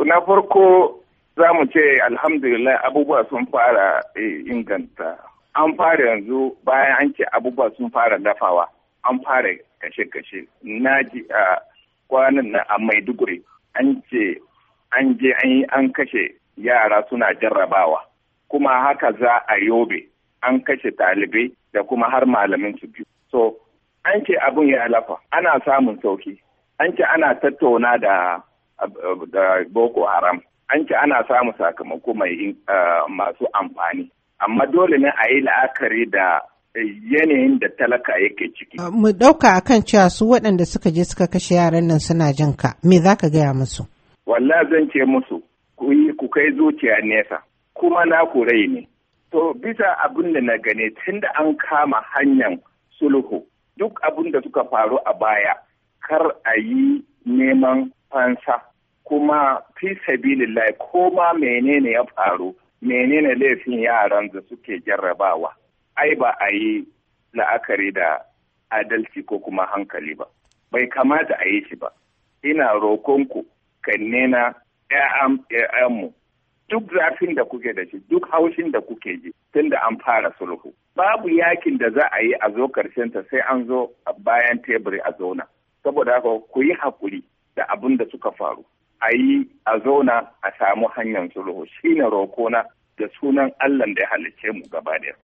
To na farko za mu ce alhamdulillah abubuwa sun fara eh, inganta. An fara yanzu bayan an ce abubuwa sun fara dafawa, an fara kashe-kashe. Na ji a kwanan na a Maiduguri an ce an je an yi an kashe yara suna jarrabawa. Kuma haka za a yobe an kashe ɗalibai da kuma har malamin su biyu. So an ce abin ya lafa, ana samun sauki. An ce ana tattauna da da boko haram an ci ana samun sakamako mai masu amfani amma dole ne a yi la'akari da yanayin da talaka yake ciki. Mu ɗauka a kan cewa su waɗanda suka je suka kashe yaran nan suna jin ka, me za ka gaya musu? Walla zan ce musu, ku yi ku kai zuciya nesa, kuma na ku rai ne. To bisa abin da na gane tun da an kama hanyar sulhu duk abin da suka faru a baya kar a yi neman fansa kuma fi sabilillahi ko ma menene ya faru menene laifin yaran da suke jarrabawa ai ba a yi la'akari da adalci ko kuma hankali ba bai kamata a yi shi ba ina rokonku kannena ‘ya'yanmu duk zafin da kuke da shi duk haushin da kuke ji tun da an fara sulhu babu yakin da za a yi a zo karshen ta sai an zo bayan teburi a zauna saboda haka ku yi haƙuri da abin da suka faru a yi a zauna a samu hanyar sulhu shine rokona da sunan Allah da ya halicce mu gaba ɗaya.